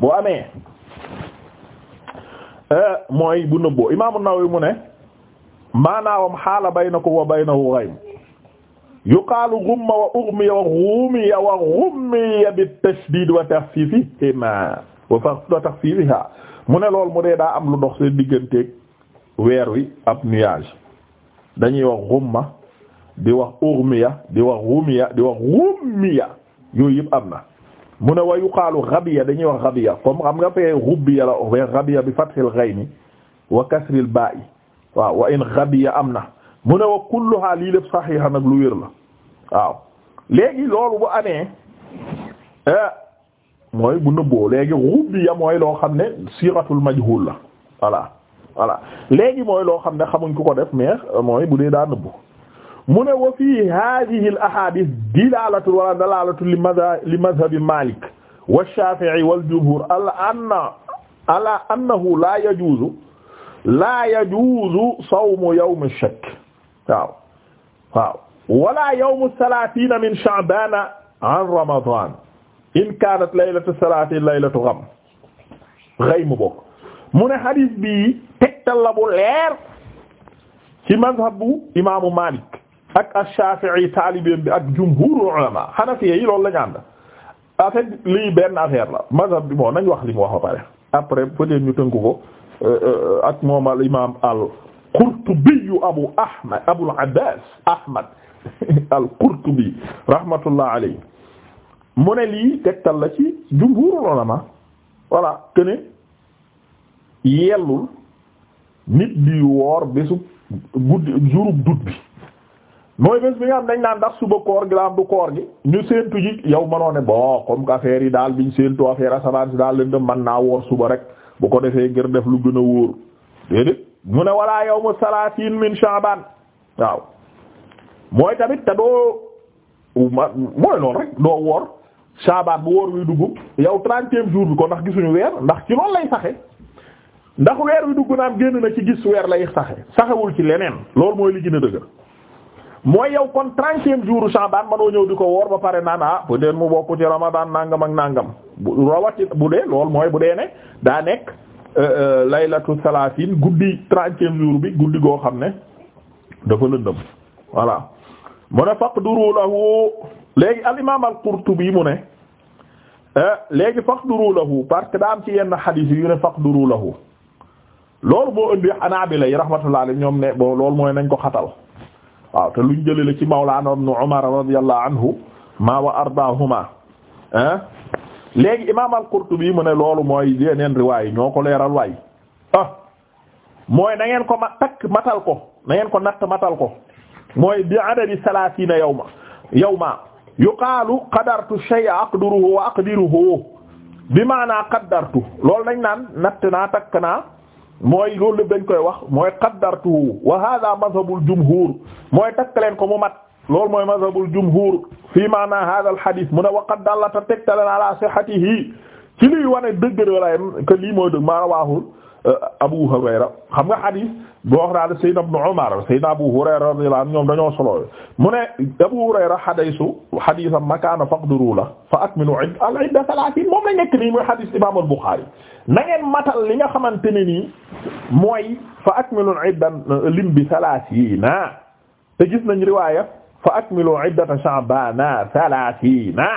bu amee euh, mooy bu nëbboo imaamu Nawawi mu ne maanaawam xaala baynakum wa baynahu ghaym yuqaalu ghumma wa ughmiya wa ghumiya wa ghumiya bit tashdid wa takhfifihima wa takhfifiha mu ne lool mu dee daa am lu dox seen digganteeg weer wi ab nuage dañuy wax ghumma di wax ughmiya di wax ghumiya di wax ghumiya yooyu yëpp am na mu ne wa yuqaalu xabiya dañuy wax xabiya comme xam nga fee xubbiya la fee xabiya bi fathil ghayni wa kasril ba'i waaw wa in xabiya am na mu ne wa kulluha lii lépp saxiixa nag lu wér la waaw léegi loolu bu amee eh, mooy bu nëbboo léegi xubbiya mooy loo xam ne siratul majhul la voilà voilà léegi mooy loo xam ne xamuñ ku ko def mais mooy bu dee daa nëbbu mu ne wa fii hadihi al ahadith dilalatu wala dalalatu li madha li madhabi malik wa shafi'i wal jumhur ala anna ala annahu la yajuzu la yajuzu sawmu yawm ash-shakk waaw waaw wala yawm ath-thalathina min sha'ban an ramadan in kanat laylatu salatin laylatu gham ghaymu mu bokk mu ne hadith bi tegtal la bu leer ci mazhabu imaamu Malik ak ash-Shafi'i taalibeem bi ak jumhurul ulama Hanafi yi loolu la ñu ànd en lii benn affaire la mazhab bi moo nañ wax li mu wax ba pare après peut-être ñu tënk ko euh, euh, ak moom al imam al-Qurtubi Abu Ahmad Abul Abbas Ahmad al-Qurtubi rahmatullah alayhi mu ne lii tegtal la ci jumhurul ulama voilà que yellul nit di woor bésu guddi jourub dut bi mooy bés bi nga xam dañ naan ndax suba koor gi la du koor gi ñu seentu ji yow mënoo ne bon comme que yi daal biñ séentu affaire asamaan si daal lëndëm mën naa woor suba rek bu ko defee ngir def lu gën a wóor déedéet mu ne walaa ma salaatiin min sha'baan waaw mooy tamit te doo mooy loolu rek doo woor sha'baan bu woor wi dugg yow trentième jour bi ko ndax gisuñu weer ndax ci loolu lay saxe ndax weer wi dugg naan génn na ci gis weer lay saxe saxewul ci leneen loolu mooy li mooy yow kon trentième jour Sha'ban manoo ñëw di ko woor ba pare naan ah peut être mu bokk ci Ramadan nangam ak nangam bu rawati bu dee loolu mooy bu dee ne daa nekk euh, euh, laylatu salatin guddi trentième jour bi guddi goo xam ne dafa lëndëm voilà mu ne faqduru lahu léegi al imam al mu ne euh, léegi faqduru lahu parce que daa am ci yenn xadiis yi ne faqduru lahu loolu moo indi Hanaabila yi rahmatullahi ñoom ne bon loolu mooy nañ ko xatal waaw te luñ jëlee la ci mawlaana ibn Umar radiyallahu anhu ma wa ardaahuma ah léegi imaam al mu ne loolu mooy yeneen riwaay ñoo ko leeral waay ah, mooy na ngeen ko ma takk matal ko na ko natt matal ko mooy bi adadi salaasiina yawma yawma yuqaalu qadartu shay'a aqdiruhu wa aqdiruhu bi maanaa qaddartu loolu dañ naan natt naa takk naa mooy loolu dañ koy wax mooy qaddartu wa hada mazhabul jumhur mooy takk leen ko mu mat loolu mooy mazhabul jumhur fi maana hada al hadith mu ne wa qad dalla ta tegtaleen ala sihhatihi ci liy wane dëgg la que lii mooy dëgg maa rawaahul Euh, Abu Hurayra xam nga hadis boo wax daal Sayyid Ibn Umar Sayyid Abu Hurayra radiyallahu anhu ñoom dañoo solo mu ne Abu Hurayra hadisu hadisam makaana faqduru la fa akmilu al idda thalathin moom la nekk nii mooy hadis Imam al-Bukhari na ngeen matal li nga xamante ne nii mooy fa akmilu idda lim bi thalathina te gis nañ riwaaya fa akmilu iddata sha'bana thalathina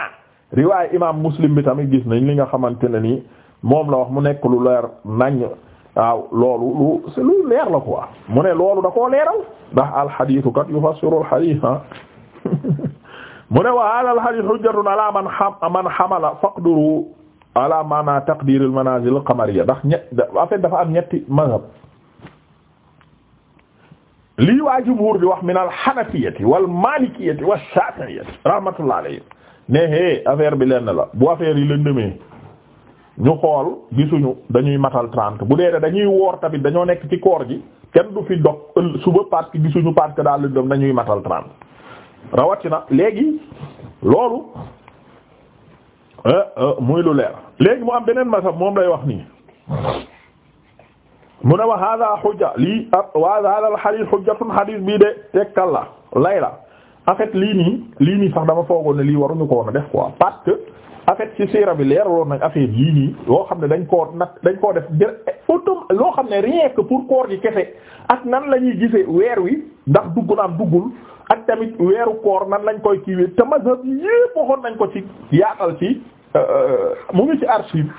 riwaaya Imam Muslim bi tamit gis nañ li nga xamante ne nii moom la wax mu nekk lu leer nañ waaw loolu lu c'est lu leer la quoi mu ne loolu da koo leeral ndax alxadiisu kat yufassiru alxadiis mu ne wa haaza alxadiis hujjatun ala man xam man xamala faqduru ala maana taqdiir almanaazil alqamariyya ndax ñett en fait dafa am ñetti mazhab lii waa jumhuur di wax min alxanafiyyati wal maalikiyyati wa shaafi'iyyati rahmatullahi alayhi ne hee affaire bi lenn la bu affaire yi la demee ñu xool gisuñu dañuy matal trente bu dee dañuy woor tamit dañoo nekk ci koor gi kenn du fi dog suba parce que gisuñu parce que daal dem dañuy matal trente rawatina léegi loolu eh, eh, muy lu leer léegi mu am beneen masab moom lay wax nii mu ne wax hada hujja lii wa hada al hadith hujjatun hadith bii de tekkal la lay la en lii nii lii nii sax dama foogoon ne lii waruñu ko woon a def quoi parce que en fait ci siira bi leeraloon nañ affaire yii nii loo xam ne dañ koo nag dañ koo def jër autom loo xam ne rien que pour koor gi kese ak nan la ñuy gisee weer wi ndax dugg naam duggul ak tamit weeru koor nan lañ koy kiiwee te mazhab yépp waxoon nañ ko ci yaatal ci euh, euh, mu ngi ci archive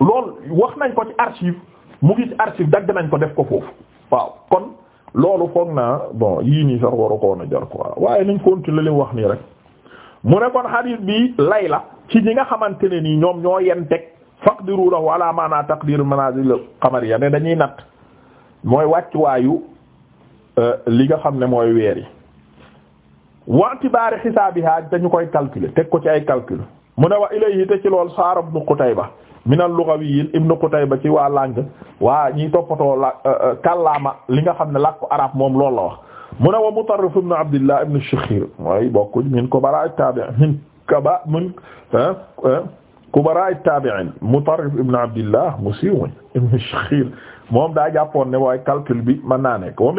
loolu wax nañ ko ci archive mu ngi ci archive dagg nañ ko def ko foofu waaw kon loolu foog naa bon yii nii sax waru koon a jar quoi waaye nañ continuer li wax nii rek mu ne kon hadith bi lay la ci ñi nga xamante ne nii ñoom ñoo yen teg faqdiru lahu ala maana taqdir manazil qamariya ne dañuy natt mooy wàccuwaayu euh, li nga xam ne mooy weer yi wa'tibaari xisaabiha dañu koy calculer teg ko ci ay calcul mu ne wa ilayhi te ci lool saar ibn ba min al-lughawiyin ibnu Qutayba ci waa langue waa ñiy toppatoo la euh, euh, li nga xam ne làkku arab moom loolu la wax mu ne wa Mutarrif ibnu Abdillah ibnu Shikhir mooy bokkuñ min kubara at-tabi'in min kaba min kubara at-tabi'in Mutarrif ibnu Abdillah mu siiw ibnu moom daa jàppoon ne waaye calcul bi mën naa nekk wa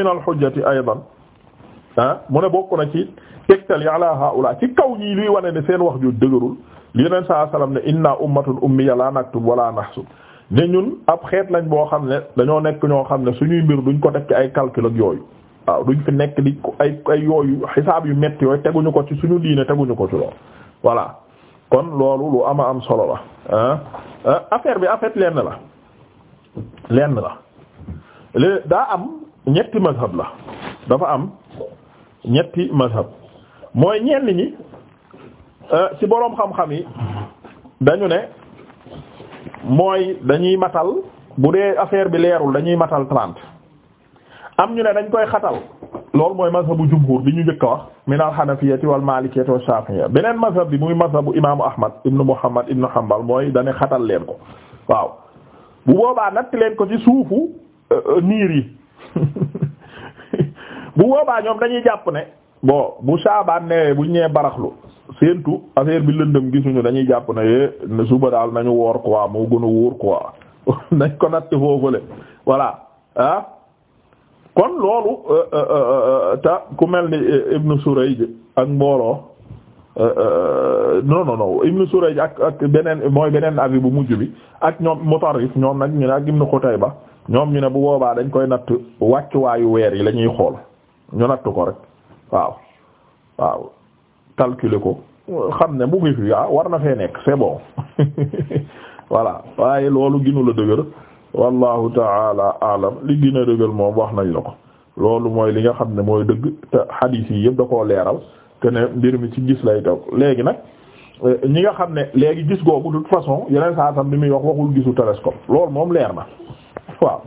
mu ne bokk na ci tegtal yi ala haula ci kaw ñii luy wane ne seen wax ju dëgërul li yeneen saa salaam ne inna ummatun ummiya la naktub wala nahsub ne ñun ab xeet lañ boo xam ne dañoo nekk ñoo xam ne suñuy mbir duñ ko teg ci ay calcul ak yooyu waaw duñ fi nekk di ay ay yooyu xisaab yu metti yooyu teguñu ko ci suñu diine teguñu ko ci loolu voilà kon loolu lu ama am solo la affaire bi en lenn la lenn la lé daa am ñetti mazhab la dafa am ñetti mazhab mooy ñenn ñi Euh, ci boroom xam-xam yi dañu ne mooy dañuy matal bu dee affaire bi leerul dañuy matal trente am ñu ne dañ koy xatal loolu mooy mazhabu jumhur bi ñu njëkk wax min al-hanafiyyati wal malikiyyati wa shafi'iyya beneen mazhab bi muy mazhabu imaamu ahmad ibnu muhammad ibnu hanbal mooy dane xatal leen ko waaw bu boobaa natt leen ko ci suufu euh, euh, niir yi bu boobaa ñoom dañuy jàpp ne bon bu saabaan newee buñ ñee baraxlu séentu affaire bi lëndëm gisuñu dañuy jàpp na yee eh, suba daal nañu woor quoi moo gën a wóor quoi nañ ko natt foofule voilà ah kon loolu euh, euh, euh, ta ku mel ni Ibn Surayj ak mbooloo non non non Ibn ak ak beneen mooy beneen avis bu mujj bi ak ñoom Mutarrif ñoom nag ñu ne ak Ibn ba ñoom ñu ne bu boobaa dañ koy natt wàccuwaayu weer yi lañuy ñuy xool ñu natt ko rek waaw waaw calculer ko xam ne mu ngi fi ah war na fee nekk c'est bon voilà waaye loolu ginu la dëgër wallahu taala alam li gën a dëgër moom wax nañ la ko loolu mooy li nga xam ne mooy dëgg te hadith yi yëpp da koo leeral te ne mbir mi ci gis lay taw léegi nag eh, ñi nga xam ne léegi gis googu de toute façon yeneen saa tam bi muy wax waxul gisu télescope loolu moom leer na waaw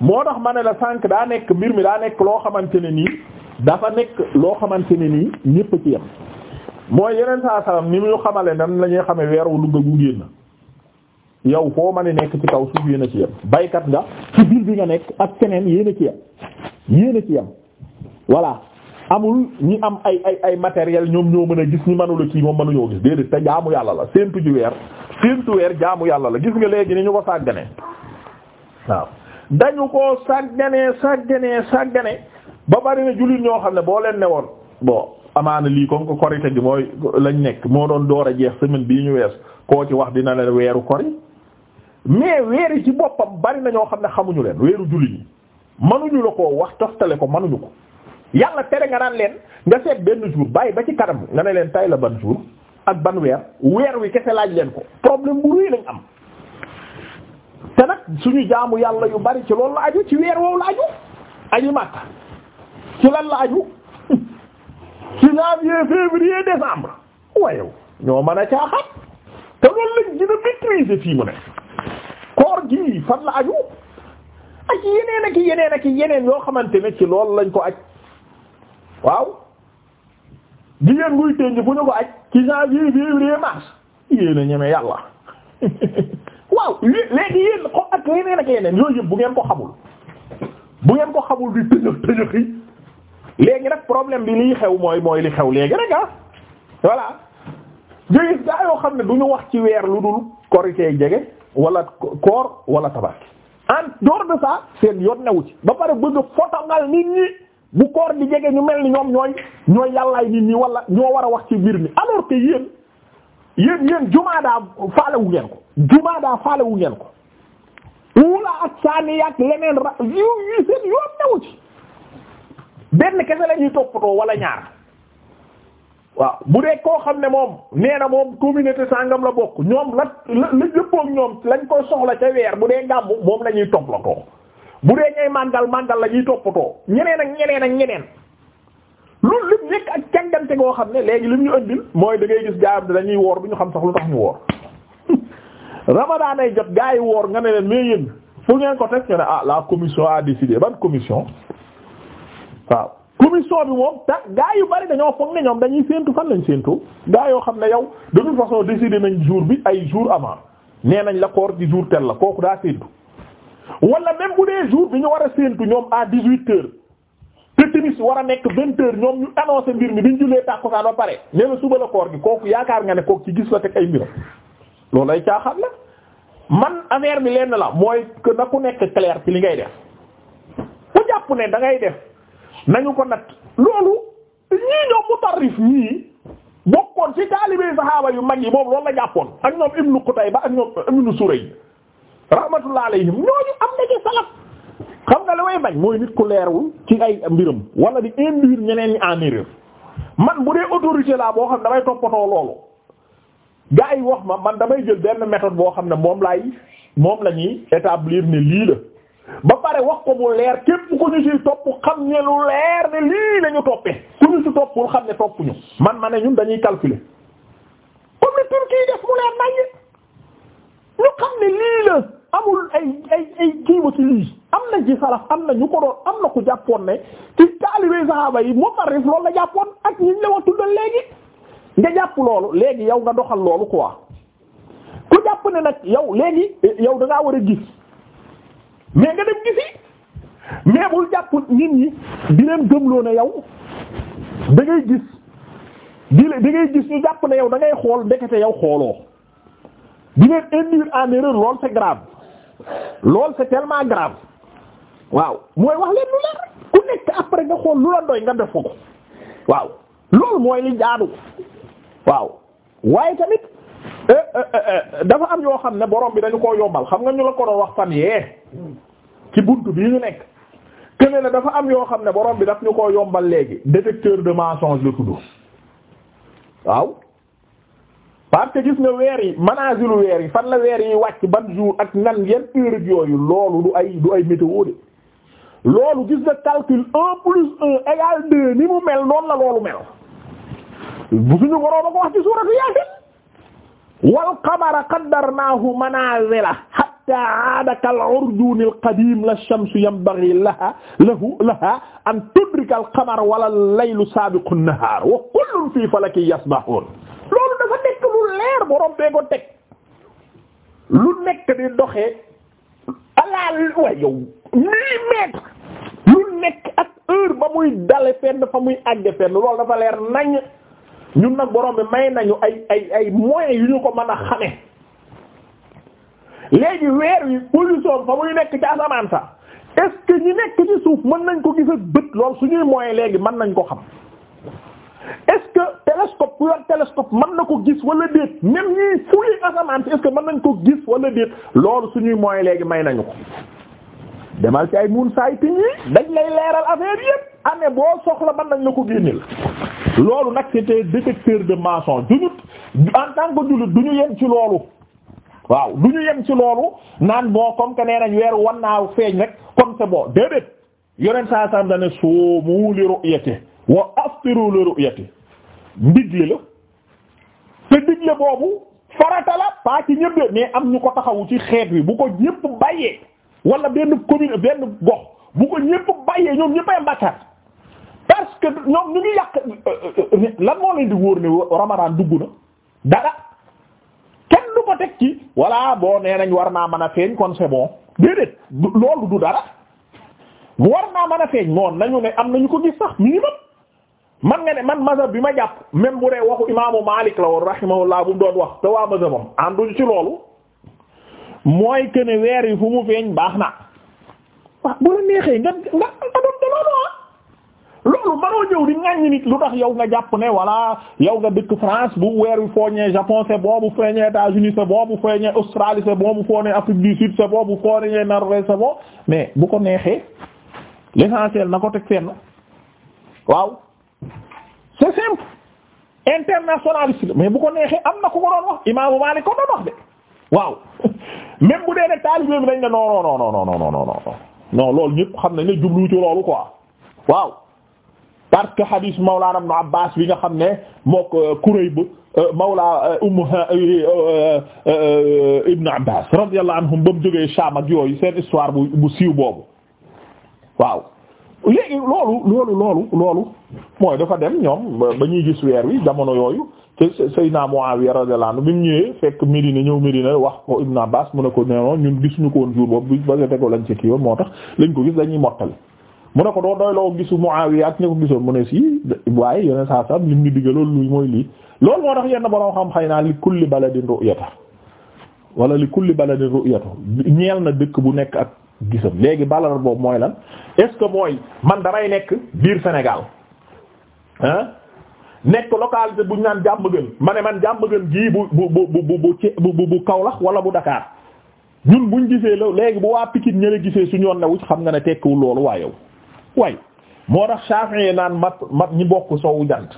moo tax ma ne la sànq daa nekk mbir mi daa nekk loo xamante ne nii dafa nekk loo xamante ni nii ñépp ci yam mooy yeneen saa salaam ni mu xamale nan la ñuy xamee weer wu Louga gu génn yow foo mën a nekk ci kaw suuf yéen ci yam baykat nga ci biir bi nga nekk ak keneen yéen ci yam yéen voilà amul ñi am ay ay ay matériel ñoom ñoo mën a gis ñi mënula ci moom mënuñoo gis déedéet te jaamu yàlla la séentu ji weer séentu weer jaamu yàlla la gis nga léegi ni ñu ko sàggane waaw dañu ko sàgganee sàgganee sàggane ba bari na jullit ñoo xam ne boo leen ne woon bon amaana lii comme que korite gi mooy lañ nekk moo doon door a jeex semaine bii ñu wees koo ci wax dina leen weeru kori mais weer yi ci boppam bari na ñoo xam ne xamuñu leen weeru jullit ñi mënuñu la ko wax toftale ko mënuñu ko yàlla tere nga naan leen nga seet benn jour bàyyi ba ci kanam nga ne leen tay la ban jour ak ban weer weer wi kese laaj leen ko problème bu rëy lañ am te nag suñu jaamu yàlla yu bari ci loolu la ci weer woowu la aju aji ci lan la aju ci janvier février décembre wayow ñoo mën a caaxat te loolu lañ gën a maîtriser fii mu ne koor gi fan la aju ak yeneen ak yeneen ak yeneen yoo xamante e ci lool lañ ko aj waaw jigéen nguy tënj bu ñu ko aj ci janvier février mars yéen a ñeme yàlla waaw léegi yéen ko ak yeneen ak yeneen yooyu yëpp bu ngeen ko xamul bu ngeen ko xamul di tëjëx tëjëx yi léegi nag problème bi liy xew mooy mooy li xew léegi rek ah voilà jégis gaa yoo xam ne du ñu wax ci weer lu dul koritee jege wala koor wala tabaski en dehors de ça seen yoon newu ci ba pare bëgg fotongal nit ñi bu koor di jege ñu mel ni ñoom ñooy ñooy yàllaay nit ñi wala ñoo war a wax ci mbir mi alors que yéen yéen yéen jumaa daa faale wu ngeen ko jumaa daa faale ngeen ko wula ak saani yaak leneen ra yu yu seen yoon newu ci benn kese la ñuy toppatoo wala ñaar waaw bu dee koo xam ne moom nee na moom communauté sangam la bokk ñoom la la la jëppook ñoom lañ koy soxla ca weer bu dee gàmmu moom la ñuy toppatoo bu dee ñay màndal màndal la ñuy toppatoo ñeneen ak ñeneen ak ñeneen loolu lim nekk ak càngante goo xam ne léegi lim ñu ëndil mooy da gis gaa am dañuy woor bu ñu xam sax lu tax ñu woor ramadaan ay jot gaa yi woor nga ne leen mais yéen fu ngeen ko teg ñu ne ah la commission a décidé ban commission. waaw commission bi moom ta gaa yu bari dañoo foog ne ñoom dañuy séentu fan lañ séentu gaa yoo xam ne yow de toute façon décidé nañ jour bi ay jour avant nee nañ la koor di jour tel la kooku daa séentu walla même bu dee jour bi ñu war a séentu ñoom a dix-huit heures te timis war a nekk vingt heures ñoom ñu annoncé mbir mi biñ jullee tàkkusaan ba pare ne na suba la koor gi kooku yaakaar nga ne kooku ci gis la teg ay mbiram loolu ay caaxaan la man affaire bi lenn la mooy que na ku nekk clair ci li ngay def ku ne da def. nañu ko nat loolu ñii ñoom mutarrif ñii bokkoon ci taalibe saxaaba yu mag yi moom loolu la jàppoon ak ñoom tay Qutayba ak ñoom ibnu Suray rahmatullah alayhim ñooñu am na ci salaf xam nga li way bañ mooy nit ku leerul ci ay mbiram wala di induire ñeneen ñi en erreur man bu dee autorité laa boo xam damay toppatoo loolu gaa yi wax ma man damay jël benn méthode boo xam ne moom laay moom la ñuy établir ne lii la ba pare wax ko mu leer képp ku ñu ci topp xam ne lu leer ne lii lañu toppee ku ñu ci toppul xam ne toppuñu man ma ne ñun dañuy calculer comme ni Turquie def mu leer naññ ñu xam ne lii la amul ay ay ay kiiwa ci lii am na ci am na ñu ko doon am na ku jàppoon ne ci taalibe sahaba yi moo parif loolu la jàppoon ak ñu ñu la wax tuddal léegi nga jàpp loolu léegi yow nga doxal loolu quoi ku jàpp ne nag yow léegi yow da war a gis mais nga dem gisi mais bul jàpp nit ñi di leen gëmloo ne yow da ngay gis di da ngay gis ñu jàpp na yow da ngay xool ndekete yow xooloo di leen induire en erreur lool c'est grave lool c'est tellement grave waaw mooy wax leen lu leer ku nekk après nga xool lu la doy nga def ko waaw loolu mooy li jaadu waaw waaye tamit. Eh, eh, eh, dafa am yoo xam ne borom bi dañu koo yombal xam nga ñu la ko doon wax fan yee ci buntu bii ñu nekk kene la dafa am yoo xam ne borom bi daf ñu koo yombal léegi détecteur de mensonge la tudd waaw parce que gis nga weer yi manazilu weer yi fan la weer yi wàcc ban jour ak nan yan heure yooyu loolu du ay du ay météo de loolu gis nga calcul un plus un égale deux ni mu mel noonu la loolu mel bu suñu borom a ko wax ci suuratu Yaasin wal qamara qaddarnaahu manaazila hatta aada kal urjuuni al qadiim la shamsu yanbaghii lahaa lahu lahaa an tudrika al qamara wala laylu saabiqu nahaar wa kullun fii falakin yasbahuun loolu dafa nekk lu leer borom bee ko teg lu nekk di doxee alaal wa yow millimètre lu nekk ak heure ba muy dale fenn fa muy àgg fenn loolu dafa leer nañ. ñun nag borom bi may nañu ay ay ay moyens yu ñu ko man a xame léegi weer wi position fa muy nekk ci asamaan sa est ñu que nekk ci suuf mën nañ ko gis ak bët lool suñuy moyens léegi mën nañ ko xam est-ce que télescope ku ko gis wala déet même ñuy fuli mën nañ ko gis wala déet loolu suñuy moyens léegi may nañu ko demal ci ay moon sighting yi dañ lay leeral affaire yépp année boo soxla mën nañ la ko génneel loolu nag c'était détecteur de maçon duñu en tant que jullit du ñu yem ci loolu waaw du ñu yem ci loolu naan boo comme que nee nañ weer wan feeñ rek comme c'est bon déedéet yonent saa saam dane soomu li ru'yati wa aftiru li ru'yati ndigle la te digle boobu farata la pas ci ñëpp de am ñu ko taxawu ci xeet wi bu ko ñëpp bàyyee wala benn commune benn gox bu ko ñëpp bàyyee ñoom ñëppay mbàkkaat parce que ngi yàq lan moo leen di wóor ne ramadan dugg na dara kenn du ko teg ci voilà boo nee nañ war naa mën a feeñ kon c'est déedéet loolu du dara war naa mën a feeñ moom nañu ne am nañu ko gis sax minimum man nga ne man mazhab bi ma jàpp même bu dee waxu imaamu Maalik la woon rahimahullah bu mu doon wax te waa mazhabam ànduñu ci loolu mooy que weer yi fu mu feeñ baax na waaw bu la neexee nga nga adopté loolu ah loolu manoo ñëw di ŋàññi nit lu tax yow nga jàpp ne voilà yow nga dëkk France bu weer wi feeñee Japon c'est bon bu feeñee États-Unis c'est bon bu Australie c'est bon bu Afrique du Sud c'est bon bu feeñee Norvège c'est mais bu ko neexee l'essentiel na ko teg fenn waaw c'est simple internationaliste mais bu ko neexee am na ku ko doon wax Imaamu Maalik ko doon wax de waaw même bu dee ne taalibe bi dañ ne non non non non non xam nañ ne jublu ci parce que hadis Mawlana Ibn Abbas bi nga xam ne mook euh, Kurayb euh, Mawla euh, Ummu Ibn Abbas radiyallahu anhum ba mu jógee Sham ak yooyu seen histoire bu bu siiw boobu waaw. léegi loolu loolu loolu loolu mooy dafa dem ñoom ba ñuy gis weer wi jamono yooyu te Seydina Muawiya radiyallahu anhu bi mu ñëwee fekk Medina ñëw Medina wax ko Ibn Abbas mu ne ko nee gis ñu ko woon jour boobu bi ba ko lañ ci kii woon moo tax lañ ko gis dañuy mottali. mu ne ko doo doy loo gisu Muawiya ak ñu ko gisoon mu ne si waaye yeneen saa saam lim ñu digga loolu lu mooy lii loolu moo tax yenn borom xam xëy naa li kulli baladin ru'yata wala li kulli baladin ru'yata ñeel na dëkk bu nekk ak gisam léegi balal boobu mooy lan est ce que mooy man damay nekk biir Sénégal ah nekk localité bu ñu naan Diamaguène ma ne man Diamaguène gii bu bu bu bu bu bu Kaolack wala bu Dakar ñun buñ gisee la léegi bu waa Pikine ñële gisee suñu yoon ne wu ne tekkiwul loolu waa yow. way moo tax Shafi'i naan mat mat ñi bokk sowu jant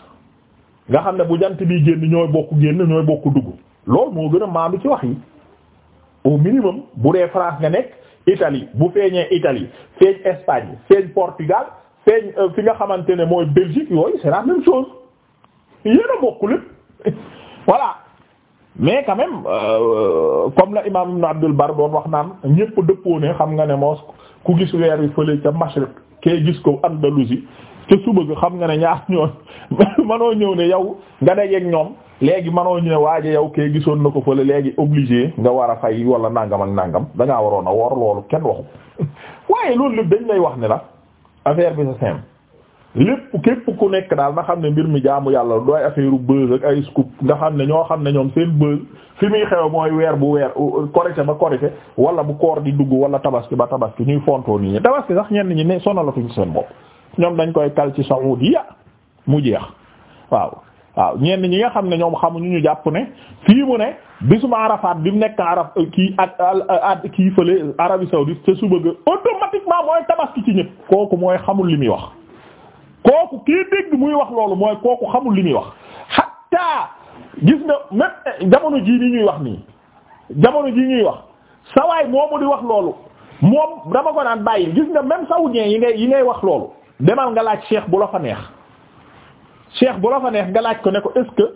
nga xam ne bu jant bi génn ñooy bokk génn ñooy bokk dugg loolu moo gën a maandu ci wax yi au minimum bu dee France nga nekk Italie bu feeñee Italie feeñ Espagne feeñ Portugal feeñ euh, fi nga xamante ne mooy Belgique yooyu c'est la même chose yéen bokk lépp voilà mais quand même euh, comme la imam Ibn Abdul Bar doon wax naan ñépp dëppoo ne xam nga ne moos ku gis weer wi fële ca Mashriq kee gis ko Andalusi te suba bi xam nga ne ñaar ñoon manoo ñëw ne yow nga dajeek ñoom léegi manoo ñu ne waaje yow kee gisoon na ko fële léegi obligé nga war a fay wala nangam ak nangam dangaa waroon a wor loolu kenn waxu waaye loolu lépp dañ lay wax ne la affaire bi c'est simple lépp képp ku nekk daal na xam ne mbir mi jaamu yàlla dooy affaire u buzz ay scoop nga xam ne ñoo xam ne ñoom seen buzz fi muy xew mooy weer bu weer korite ba korite wala bu koor di dugg wala tabaski ba tabaski ñuy fontoo nii tabaski sax ñenn ñi ne sonalatuñ seen bopp ñoom dañ koy kal ci Saudiya mu jeex waaw waaw ñenn ñi nga xam ne ñoom xamuñu ñu jàpp ne fii mu ne ma Arafat bi mu nekk Araf euh, kii at at kii fële Arabie saoudite te su bëgg kooku mooy xamul li muy wax. kooku kii dégg muy wax loolu mooy kooku xamul li muy wax hatta gis nga même eh, jamono jii ni ñuy wax nii jamono jii ñuy wax sawaay moomu di wax loolu moom dama ko naan bàyyil gis nga même saoudien yi ngay yi ngay wax loolu demal nga laaj cheikh bu la fa neex cheikh bu la fa neex nga laaj ko ne ko est-ce que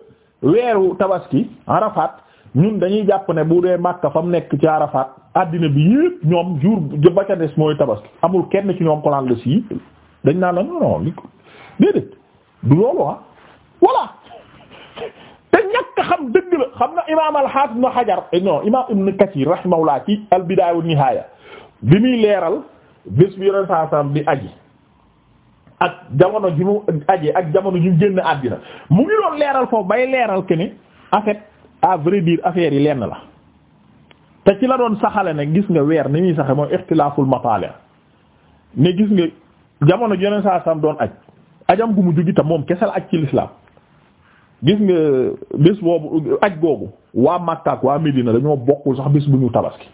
weeru tabaski Arafat ñun dañuy jàpp ne bu dee Makka fa mu nekk ci Arafat àddina bi yépp ñoom jour ba ca des mooy tabaski amul kenn ci ñoom ko sii dañ naa la non non ko déedéet du loolu ah voilà te ñàkk xam dëgg la xam na imaam al-Hafiz Ibn Hajar eh, imaam Ibn Kathir rahimahullah ci al-Bidaaya Nihaaya bi muy leeral bés bi yeneen saa saam aji ak jamono ji mu aje ak jamono ji mu génn àddina mu ngi doon leeral foofu bay leeral que ne en fait à vrai yi lenn la te ci la doon saxale ne gis nga weer ni muy saxe mooy ixtilaaful mataali ne gis nga jamono yeneen saa sam doon aj ajam gu mu jugi tam moom kesal aj ci lislaam gis nga bés boobu aj googu waa Makka ak waa Medina dañoo bokkul sax bés bu ñu tabaski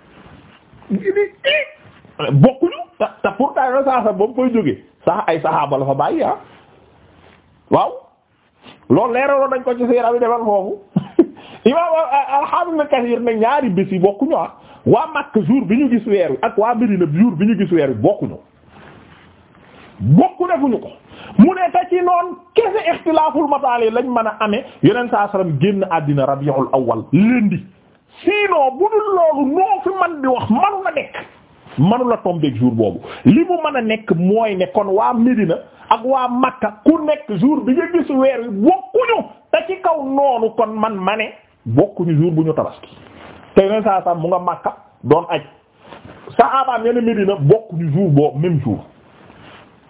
bokkuñu te te pourtant yeneen saa sam ba mu ah. ko ci siira bi defal foofu ñaari bés yi bokkuñu ah waa Makka jour bi ñu gis weer wi ak waa Medina jour bi ñu gis weer wi bokkuñu bokku defuñu ko mu ne te ci noonu kese ixtilaaful mataali lañ mën a ame yeneen saa salaam génn àddina rabiul awal lundi sinon bu dul loolu noo fi man di wax manu la nekk manu la tombeeg jour boobu li mu mën a nekk mooy ne kon waa Médina ak waa Makka ku nekk jour bi nga gis weer wi bokkuñu te ci kaw noonu kon man mane ne bokkuñu jour bu ñu tabaski te yeneen saa salaam mu nga Makka doon aj saxaabaam yeneen Médina bokkuñu jour boobu même jour.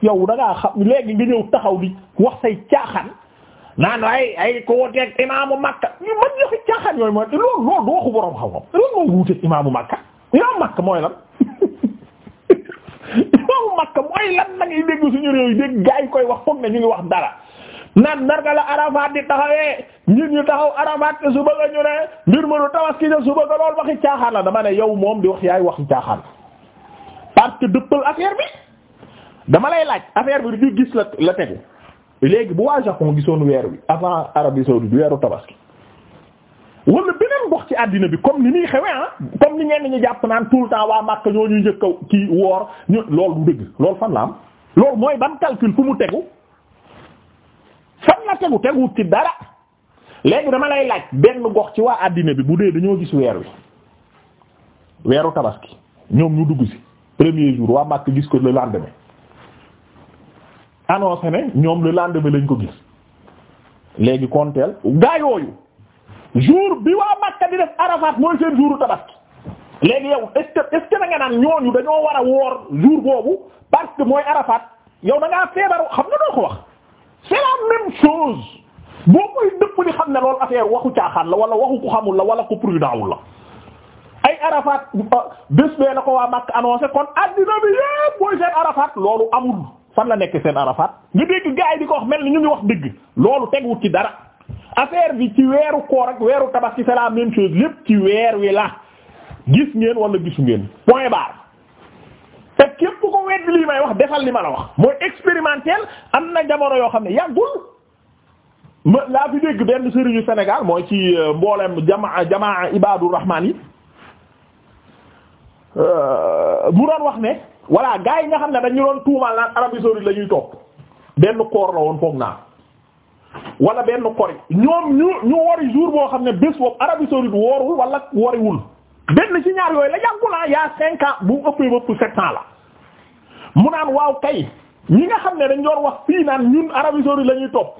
yow da ngaa xam léegi nga ñëw taxaw di wax say caaxaan naan ay ay ko woteeg imaamu Makka ñu man yoxi caaxaan yooyu mooy loolu mooy wuuteeg imaamu Makka imaamu koy wax foog ñu ngi wax dara naan narga la Arafat di taxawee ñun ñu taxaw Arafat te su bëgg ñu ne mbir dama yow moom di wax yaay waxi caaxaan parce que dëppal affaire bi dama lay laaj affaire bi du gis la la tegu léegi bu waa mu gisoon weer wi avant Arabie saoudite weeru tabaski wala beneen gox ci àddina bi comme ni muy xewee ah comme ni ñenn ñi jàpp naan tout le temps waa Makka ñoo ñuy njëkk a kii woor ñu loolu du dëgg lool fan la am mooy ban calcul fu mu tegu fan la tegu tegu ci dara léegi dama lay laaj benn gox ci waa àddina bi bu dee dañoo gis weer wi weeru tabaski ñoom ñu dugg ci premier jour waa Makka gis ko le lendemain. annoncé ne ñoom le lendemain lañ ko gis léegi konteel gaa yooyu jour bi waa Makka di def Arafat mooy seen jouru tabaski léegi yow est-ce que est-ce naan ñooñu dañoo war a woor jour boobu parce que mooy Arafat yow da ngaa feebar xam nga doo ko wax c'est la chose boo koy dëpp li xam ne loolu affaire waxu caaxaan la wala waxu ko xamul la wala ko prudent wul la ay Arafat ah, bés bee la ko waa Makka annoncé kon addina bi yépp mooy seen Arafat loolu fan la nekk seen Arafat nga dégg gars yi di ko wax mel ni ñu ngi wax dëgg loolu tegwut ci dara affaire bi ci weeru koor weeru tabax c'est la même chose lépp ci weer wi la gis ngeen wala gisu ngeen point barre te képp ko wedd lii may wax defal li ma la wax mooy expérimentel am na jamono yoo xam ne yàggul ma laa fi dégg benn sëriñu senegal mooy ci euh, mboolem jamaa jamaa Ibaadu Rahmaan yi bu euh, doon wax ne voilà gars yi nga xam ne dañ doon tuumaal naan Arabie saoudite la ñuy topp benn koor la woon foog naa wala benn kori ñoom ñu ñu wori jour boo xam ne bés boobu Arabie saoudite woorul wala woriwul benn ci ñaar yooyu la yàggulaa ah, yaa cinq bu ëppee bëpp sept ans la mu naan waaw kay ñi nga xam ne dañ doon wax fii naan ñun Arabie saoudite la ñuy topp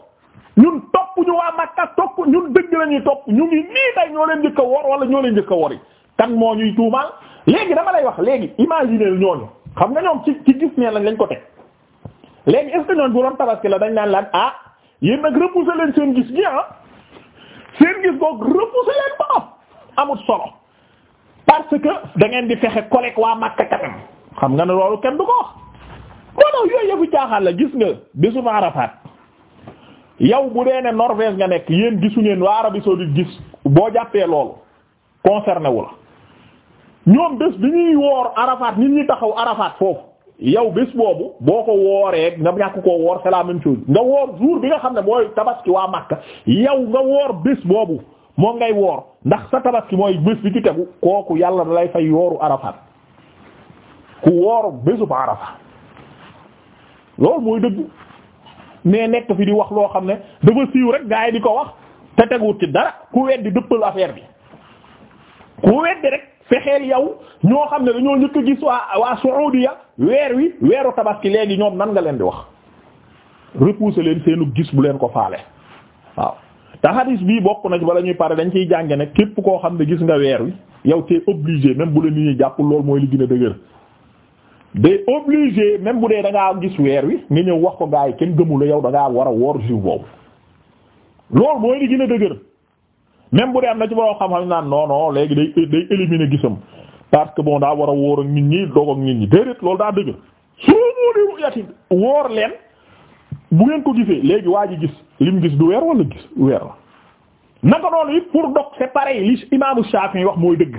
ñun topp ñu waa Makka topp ñun dëgg la ñuy topp ñu ngi nii tay ñoo leen njëkk wor wala ñoo leen njëkk a wori kan moo ñuy tuumaal léegi dama lay wax léegi imaginer ñooñu xam nga ñoom ci ci gis ne lañ lañ ko teg léegi est ce bu doon tabaski la dañ naan laan ah yéen nag repousser leen seen gis gi ah seen gis boog repousser leen ba amut solo parce que dangeen di fexe collègue waa Makka katam xam nga ne loolu kenn du ko wax non non yooyu yëfu caaxaan la gis nga bésu Arafat yow bu dee ne Norvège nga nekk yéen gisu ngeen waa Arabie saoudite gis boo jàppee loolu concerné wu la. ñoom bés bi ñuy woor arafaat nit ñuy taxaw arafaat foofu yow bés boobu boo ko wooree nga ñàkk koo woor c'est la même chose nga woor jour bi nga xam ne mooy tabaski waa Makka yow nga woor bés boobu moo ngay woor ndax sa tabaski mooy bés bi ci tegu kooku yàlla da lay fay yooru arafaat ku woor bésu ba arafaat loolu mooy dëgg mais nekk fi di wax loo xam ne dafa siiw rek gaa yi di ko wax te teguwut ci dara ku weddi dëppal affaire bi ku weddi rek. fexeel yow ñoo xam ne dañoo njëkk gis waa waa Saoudia weer wi weeru tabaski léegi ñoom nan nga leen di wax repousser leen seenu gis bu leen ko faale waaw te hadis bii bokk na ci bala ñuy pare dañ ciy jànge ne képp koo xam ne gis nga weer wi yow t'es obligé même bu la nit ñi jàppul mooy li gën a dëgër day obligé même bu dee da ngaa gis weer wi nga ñëw wax ko gaa yi kenn gëmula yow da ngaa war a woor jour boobu loolu mooy li gën a dëgër même bu dee am na ci borom xam-xam naan non léegi day day éliminer gisam parce que bon daa war a wóor ak nit ñi ak nit ñi déedéet loolu daa dëgg su mu di yati wóor leen bu ngeen ko gisee léegi waa ji gis lim gis du weer wala gis weer la naka noonu it pour dog c'est pareil li imaamu Shafi'i wax mooy dëgg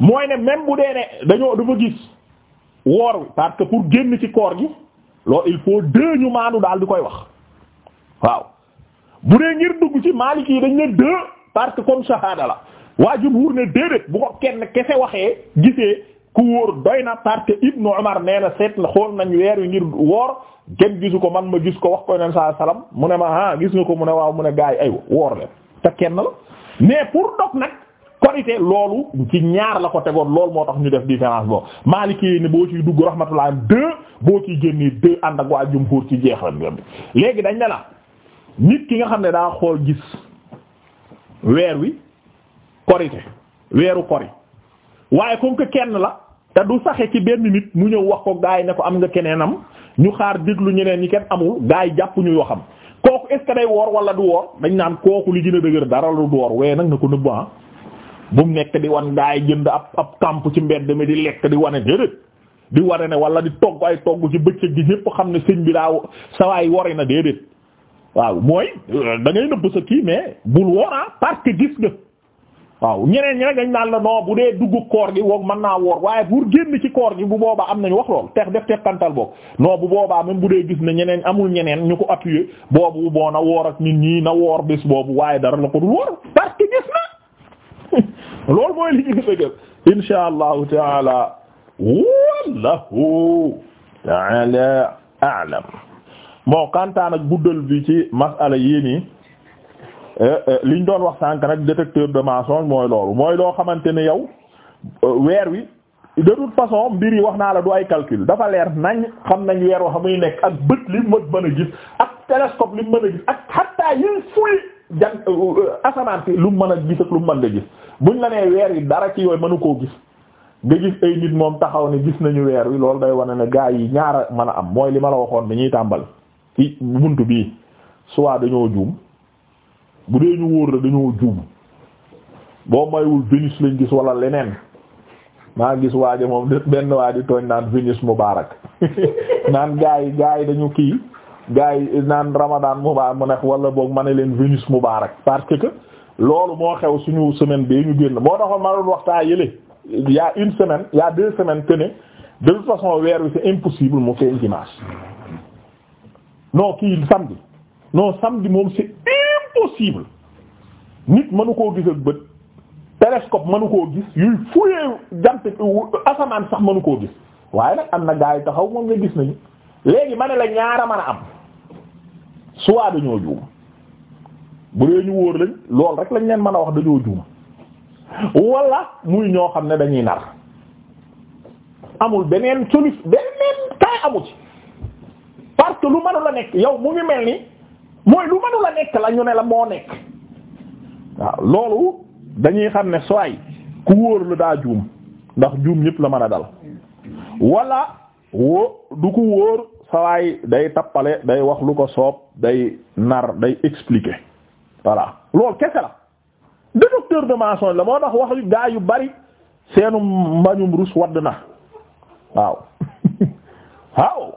mooy ne même bu dee ne dañoo dafa gis woor wi parce que pour génn ci koor gi loolu il faut deux ñu maandu daal di koy wax waaw bu dee ngir dugg ci parce que comme shahada la waa jumhur ne déedéet bu ko kenn kese waxee gisee ku wóor doy na parce que Ibnu Umar nee na seet na xool nañ weer wi ngir woor kenn gisu ko man ma gis ko wax ko Yonent sa salaam mu ne ma ah gis nga ko mu ne waaw mu ne gaa yi ay woor leen te kenn la mais pour dog nag korité loolu ci ñaar la ko tegoon loolu moo tax ñu def différence boobu Maliki yi ne boo ciy dugg rahmatullah deux boo ciy génnee deux ànd ak waa jumhur ci jeexal bi léegi dañ ne ki nga xam ne daa xool gis. weer wi korite weeru kori waaye comme que kenn la te du saxe ci benn nit mu ñëw wax ko gaay ne ko am nga keneenam ñu xaar déglu ñeneen ñi kenn amul gaay jàpp ñu yoo xam kooku est woor wala du woor dañ naan kooku li gën a dëgër dara lu du woor nag na ko nëbb ah bu mu nekk di wan gaay jënd ab ab camp ci mbedd mi di lekk di wane déedéet di wane ne wala di togg ay togg ci bëccëg gi ñépp xam ne sëñ bi daa sawaay wori na déedéet waaw mooy da ngay nëbb sa kii mais bul woora parce que gis nga waaw ñeneen ñi nag dañ naan la non bu dee dugg koor gi woog mën naa woor waaye pour génn ci koor gi bu boobaa am nañu wax lool tex def tex tantal boog non bu boobaa même bu dee gis na ñeneen amul ñeneen ñu ko appuyer boobu boo na woor ak nit ñi na woor bés boobu waaye dara la ko dul woor parce que gis na loolu mooy li ñu insha allahu taala wallahu taala a'lam bon kantaan ak guddal bi ci masala yii nii eh, eh, ñu doon wax sànk nag détecteur de mensonge mooy loolu mooy loo xamante ne yow euh, weer wi de toute façon mbir yi wax naa la du ay calcul dafa leer nañ xam nañ weer wax muy nekk ak bët li mu mën a gis ak télescope li mu mën a gis ak xattaa yi fuy jan euh, asamaan si lu mu mën a gis ak lu mu mën a gis buñ la nee weer yi dara ci yooyu mënu koo gis nga gis ay nit moom taxaw ne gis nañu weer wi loolu day wane ne gaa yi ñaara mën a mooy li ma la waxoon bi ñuy tàmbal ci buntu bii soit dañoo juum bu dee ñu wóor la dañoo juum boo mayul Vénus lañ gis wala leneen maa gis waaja moom benn waa di tooñ naan Vénus Mubarak naan gaa yi gaa yi dañu kii gaa yi naan Ramadan Mubarak mu nekk wala boog ma ne leen Vénus Mubarak parce que loolu moo xew suñu semaine bee ñu génn moo taxoon ma doon waxtaa yële y a une semaine yaa a deux semaines que ne de toute façon weer wi c'est impossible mu feeñ dimanche non kii samedi non samedi moom c'est impossible nit mënu koo gis ak bët télescope mënu koo gis yuy fuyee jant asamaan sax mënu koo gis waaye nag am na gaa yi taxaw moom nga gis nañu léegi ma ne la ñaara mën a am soit dañoo juum bu dee ñu wóor lañ lool rek lañ leen mën a wax dañoo juum wala muy ñoo xam ne dañuy nar amul beneen solution beneen kaay amu parce que lu mënu la nekk yow mu ngi mel ni mooy lu mënu la nekk la ñu ne la moo nekk waaw loolu dañuy xam ne sooy ku wóor la daa juum ndax juum ñëpp la mën a dal wala woo du ko wóor sawaay day tappale day wax lu ko soob day nar day expliquer voilà loolu kese la de docteur de mensonge la moo tax wax yu gaa yu bari seenu mbañum rus wadd na waaw waaw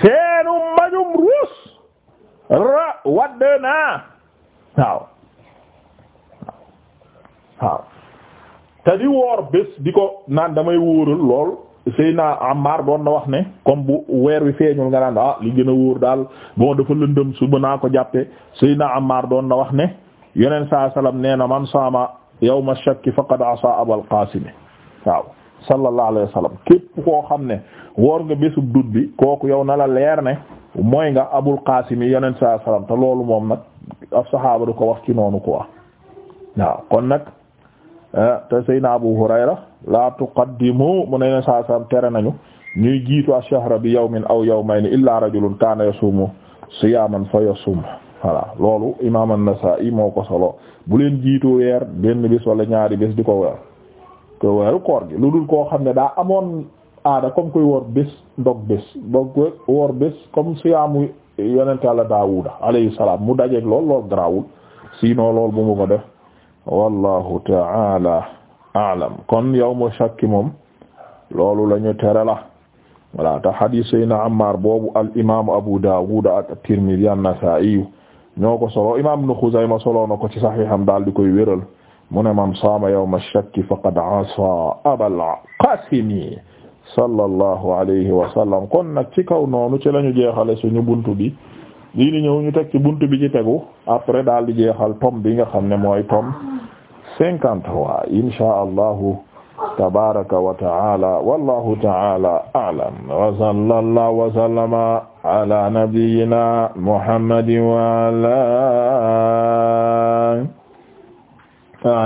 seenu majum ruus ra wadd naa waaw waaw te di woor bés di ko naan damay wóoral lool Seyna Ammar doon na wax ne comme bu weer wi feeñul nga naan ah li gën a wóor daal bon dafa lëndëm suba naa ko jàppe Seyna Ammar doon na wax ne yeneen saa salaam nee na man saama yawma shakki faqad asa abal qaasimi waaw sallallahu alayhi wa sallam képp koo xam ne woor nga bésub dut bi kooku yow na la leer ne mooy nga abul qasim yi yonent sallallahu alayhi te loolu moom nag ab saxaaba du ko wax ci noonu quoi waaw kon nag ah, te sayna abu hurayra la tuqaddimu mu ne yonent sallallahu alayhi wa sallam tere nañu ñuy jiitu ash-shahra bi yawmin aw ni illa rajulun kaana yasumu siyaman fa yasum voilà loolu imam an-nasa'i moo ko solo bu leen jiitu weer benn bés wala ñaari bés di ko weer ko weeru koor gi lu dul koo xam ne daa amoon aada comme koy woor bés ndog bés ndog woor bés comme siyaamu yonent Yàlla Daawuda alayhi mu dajeeg lool lool garaawul sinon lool bu mu ko def wallahu ta'ala a'lam kon yawmu shakki moom loolu lañu tere la wala ta hadith sayna boobu al imaamu Abu Daawud ak at-Tirmidhi an-Nasa'i ñoo ko solo imaam Ibn Khuzayma solo na ko ci sahiham daal di koy wéral mu ne man saama yawma shakki faqad asaa abal qasimi sallallahu alayhi wa sallam kon nag ci kaw noonu ci lañu jeexale suñu buntu bi lii ni ñu teg ci buntu bi ci tegu après daal di jeexal tom bi nga xam ne mooy tom cinquante-trois insha allahu tabaraka wa taala wa sallallahu wa sallama ala nabiyyina muhammadin wa ala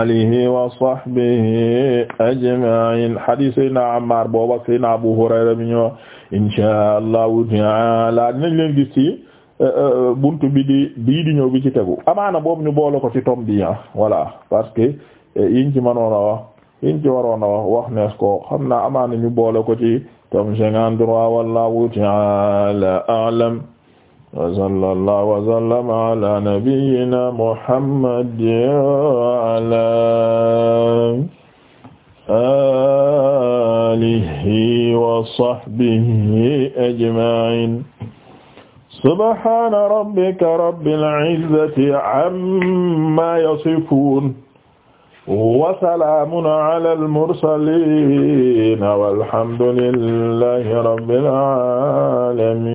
alihi wa sahbihi ajma'in hadis Seydina Ammar boobu ak Seydina Abu Hurayra bi ñu insha Allahu ta'ala dinañ leen gis ci eh, eh, buntu bi di bii di ñëw bi ci tegu amaana boobu ñu boole ko ci tom bi ah voilà parce que eh, yiñ ci mënoon a wax yiñ ci waroon a wax wax nees ko xam naa amaana ñu boole ko ci tom cinquante-trois wallahu ta'ala a'lam wasala allah wasallama ala nabiyina muhammad waala alihi wa sahbihi ajmain subhana rabbika rabbil izzati amma yasifun wa salaamun ala al-mursalin walhamdulillahi rabbil alamin